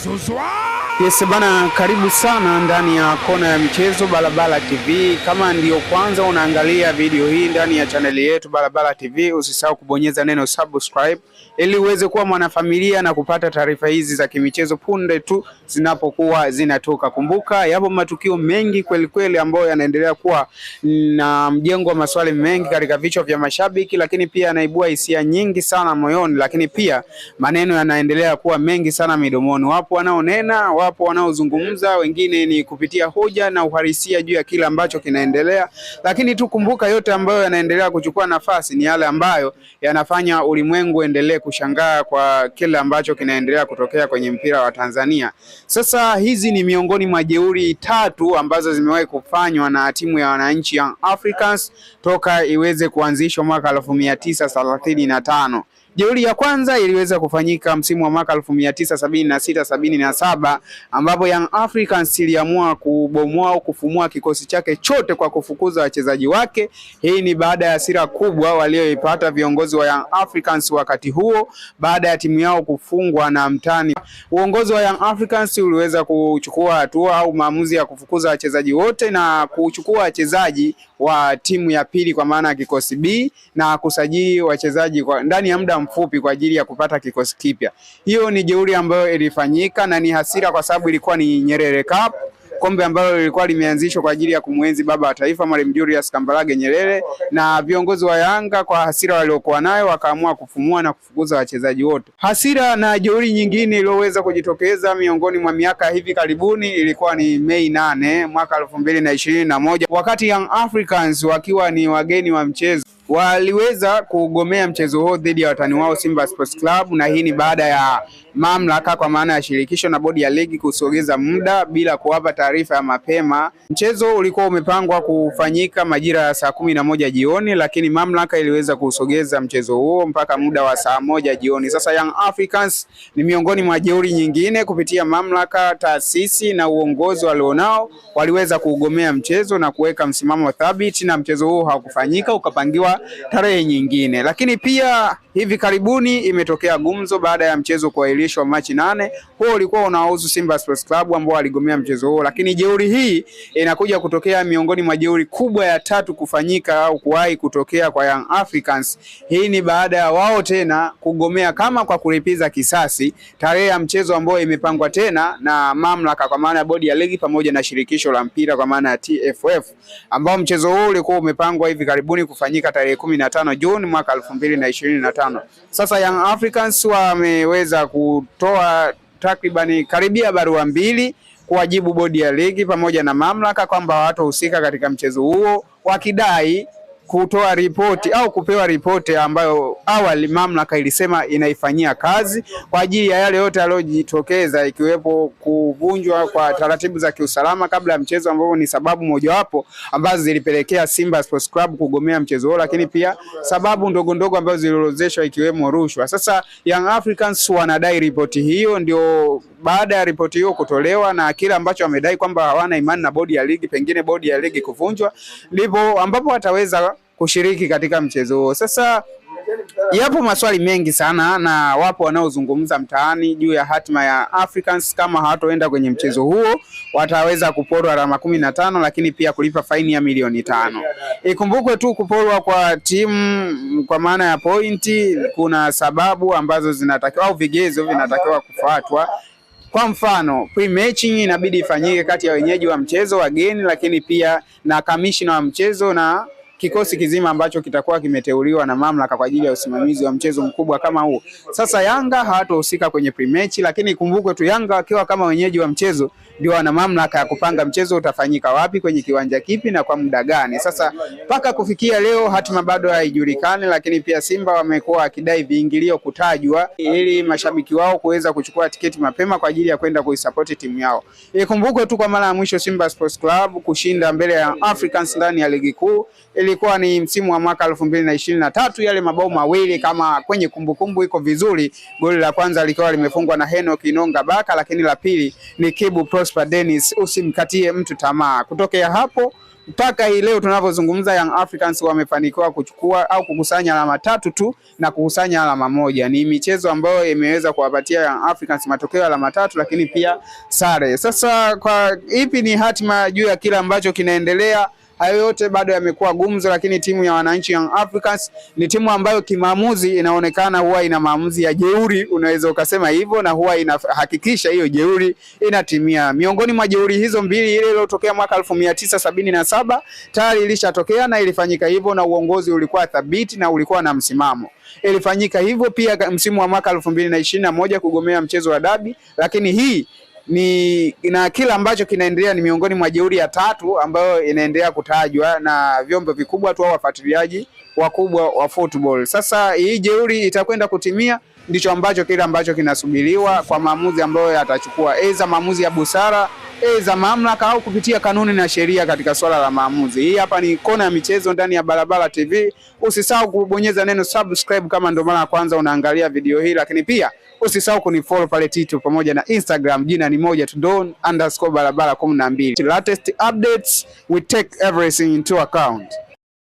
Zuzuá! Yes bana, karibu sana ndani ya kona ya michezo Balabala TV. Kama ndiyo kwanza unaangalia video hii ndani ya chaneli yetu Balabala TV, usisahau kubonyeza neno subscribe ili uweze kuwa mwanafamilia na kupata taarifa hizi za kimichezo punde tu zinapokuwa zinatoka. Kumbuka yapo matukio mengi kweli kweli ambayo yanaendelea kuwa na mjengo wa maswali mengi katika vichwa vya mashabiki, lakini pia yanaibua hisia nyingi sana moyoni, lakini pia maneno yanaendelea kuwa mengi sana midomoni. Wapo wanaonena wapo wapo wanaozungumza, wengine ni kupitia hoja na uhalisia juu ya kile ambacho kinaendelea, lakini tu kumbuka, yote ambayo yanaendelea kuchukua nafasi ni yale ambayo yanafanya ulimwengu endelee kushangaa kwa kile ambacho kinaendelea kutokea kwenye mpira wa Tanzania. Sasa hizi ni miongoni mwa jeuri tatu ambazo zimewahi kufanywa na timu ya wananchi Young Africans toka iweze kuanzishwa mwaka elfu mia tisa thelathini na tano. Jeuri ya kwanza iliweza kufanyika msimu wa mwaka 1976 77 ambapo Young Africans iliamua kubomoa au kufumua kikosi chake chote kwa kufukuza wachezaji wake. Hii ni baada ya hasira kubwa walioipata viongozi wa Young Africans wakati huo baada ya timu yao kufungwa na mtani. Uongozi wa Young Africans uliweza kuchukua hatua au maamuzi ya kufukuza wachezaji wote na kuchukua wachezaji wa timu ya pili kwa maana ya kikosi B na kusajili wachezaji kwa ndani ya muda mfupi kwa ajili ya kupata kikosi kipya. Hiyo ni jeuri ambayo ilifanyika na ni hasira kwa sababu ilikuwa ni Nyerere Cup kombe ambalo lilikuwa limeanzishwa kwa ajili ya kumwenzi baba wa taifa Mwalimu Julius Kambarage Nyerere, na viongozi wa Yanga kwa hasira waliokuwa nayo wakaamua kufumua na kufukuza wachezaji wote. Hasira na jeuri nyingine iliyoweza kujitokeza miongoni mwa miaka hivi karibuni ilikuwa ni Mei nane mwaka elfu mbili na ishirini na moja wakati Young Africans wakiwa ni wageni wa mchezo waliweza kugomea mchezo huo dhidi ya watani wao Simba Sports Club, na hii ni baada ya mamlaka kwa maana ya shirikisho na bodi ya ligi kusogeza muda bila kuwapa taarifa ya mapema. Mchezo ulikuwa umepangwa kufanyika majira ya saa kumi na moja jioni, lakini mamlaka iliweza kusogeza mchezo huo mpaka muda wa saa moja jioni. Sasa Young Africans ni miongoni mwa jeuri nyingine, kupitia mamlaka, taasisi na uongozi walionao, waliweza kuugomea mchezo na kuweka msimamo thabiti, na mchezo huo haukufanyika, ukapangiwa tarehe nyingine. Lakini pia hivi karibuni imetokea gumzo baada ya mchezo kwa uahirishwa Machi nane. Huo ulikuwa unahusu Simba Sports Club ambao waligomea mchezo huo, lakini jeuri hii inakuja kutokea miongoni mwa jeuri kubwa ya tatu kufanyika au kuwahi kutokea kwa Young Africans. Hii ni baada ya wao tena kugomea kama kwa kulipiza kisasi tarehe ya mchezo ambao imepangwa tena na mamlaka kwa maana ya bodi ya ligi pamoja na shirikisho la mpira kwa maana ya TFF, ambao mchezo huo ulikuwa umepangwa hivi karibuni kufanyika tarehe 15 Juni mwaka 2025. Sasa Young Africans wameweza ku kutoa takribani karibia barua mbili kuwajibu bodi ya ligi pamoja na mamlaka kwamba watu husika katika mchezo huo wakidai kutoa ripoti au kupewa ripoti ambayo awali mamlaka ilisema inaifanyia kazi kwa ajili ya yale yote yaliyojitokeza ikiwepo kuvunjwa kwa taratibu za kiusalama kabla ya mchezo, ambapo ni sababu mojawapo ambazo zilipelekea Simba Sports Club kugomea mchezo huo, lakini pia sababu ndogo ndogo ambazo ziliorozeshwa ikiwemo rushwa. Sasa Young Africans wanadai ripoti hiyo ndio baada ya ripoti hiyo kutolewa na kile ambacho wamedai kwamba hawana imani na bodi ya ligi, pengine bodi ya ligi kuvunjwa, ndipo ambapo wataweza kushiriki katika mchezo huo. Sasa yapo maswali mengi sana na wapo wanaozungumza mtaani juu ya hatima ya Africans kama hawatoenda kwenye mchezo huo, wataweza kuporwa alama kumi na tano lakini pia kulipa faini ya milioni tano. Ikumbukwe tu kuporwa kwa timu kwa maana ya pointi, kuna sababu ambazo zinatakiwa au vigezo vinatakiwa kufuatwa kwa mfano pre-matching inabidi ifanyike kati ya wenyeji wa mchezo, wageni, lakini pia na kamishina wa mchezo na kikosi kizima ambacho kitakuwa kimeteuliwa na mamlaka kwa ajili ya usimamizi wa mchezo mkubwa kama huu. Sasa Yanga hawatohusika kwenye premechi, lakini kumbukwe tu Yanga wakiwa kama wenyeji wa mchezo ndio wana mamlaka ya kupanga mchezo utafanyika wapi, kwenye kiwanja kipi na kwa muda gani. Sasa mpaka kufikia leo hatima bado haijulikani, lakini pia Simba wamekuwa wakidai viingilio kutajwa ili mashabiki wao kuweza kuchukua tiketi mapema kwa ajili ya kwenda kuisapoti timu yao. Ikumbukwe tu kwa mara ya mwisho Simba Sports Club kushinda mbele ya Africans ndani ya ligi kuu ili ilikuwa ni msimu wa mwaka elfu mbili na ishirini na tatu yale mabao mawili kama kwenye kumbukumbu iko vizuri. Goli la kwanza likiwa limefungwa na Henok Inonga Baka, lakini la pili ni Kibu Prosper Dennis. Usimkatie mtu tamaa. Kutokea hapo mpaka hii leo tunavyozungumza, Young Africans wamefanikiwa kuchukua au kukusanya alama tatu tu na kukusanya alama moja. Ni michezo ambayo imeweza kuwapatia Young Africans matokeo alama tatu, lakini pia sare. Sasa kwa ipi ni hatima juu ya kile ambacho kinaendelea Hayo yote bado yamekuwa gumzo, lakini timu ya wananchi Young Africans ni timu ambayo kimaamuzi inaonekana huwa ina maamuzi ya jeuri, unaweza ukasema hivyo, na huwa inahakikisha hiyo jeuri inatimia. Miongoni mwa jeuri hizo mbili, ile iliyotokea mwaka elfu mia tisa sabini na saba tayari ilishatokea na ilifanyika hivyo, na uongozi ulikuwa thabiti na ulikuwa na msimamo ilifanyika hivyo pia msimu wa mwaka elfu mbili na ishirini na moja kugomea mchezo wa dabi, lakini hii ni na kila ambacho kinaendelea ni miongoni mwa jeuri ya tatu ambayo inaendelea kutajwa na vyombo vikubwa tu au wafuatiliaji wakubwa wa football. Sasa hii jeuri itakwenda kutimia, ndicho ambacho kile ambacho kinasubiriwa kwa maamuzi ambayo yatachukua, aidha maamuzi ya busara e, za mamlaka au kupitia kanuni na sheria katika swala la maamuzi. Hii hapa ni kona ya michezo ndani ya Barabara TV. Usisahau kubonyeza neno subscribe kama ndio mara ya kwanza unaangalia video hii, lakini pia usisahau kunifollow pale Tito pamoja na Instagram, jina ni moja tu Don underscore barabara kumi na mbili. Latest updates we take everything into account.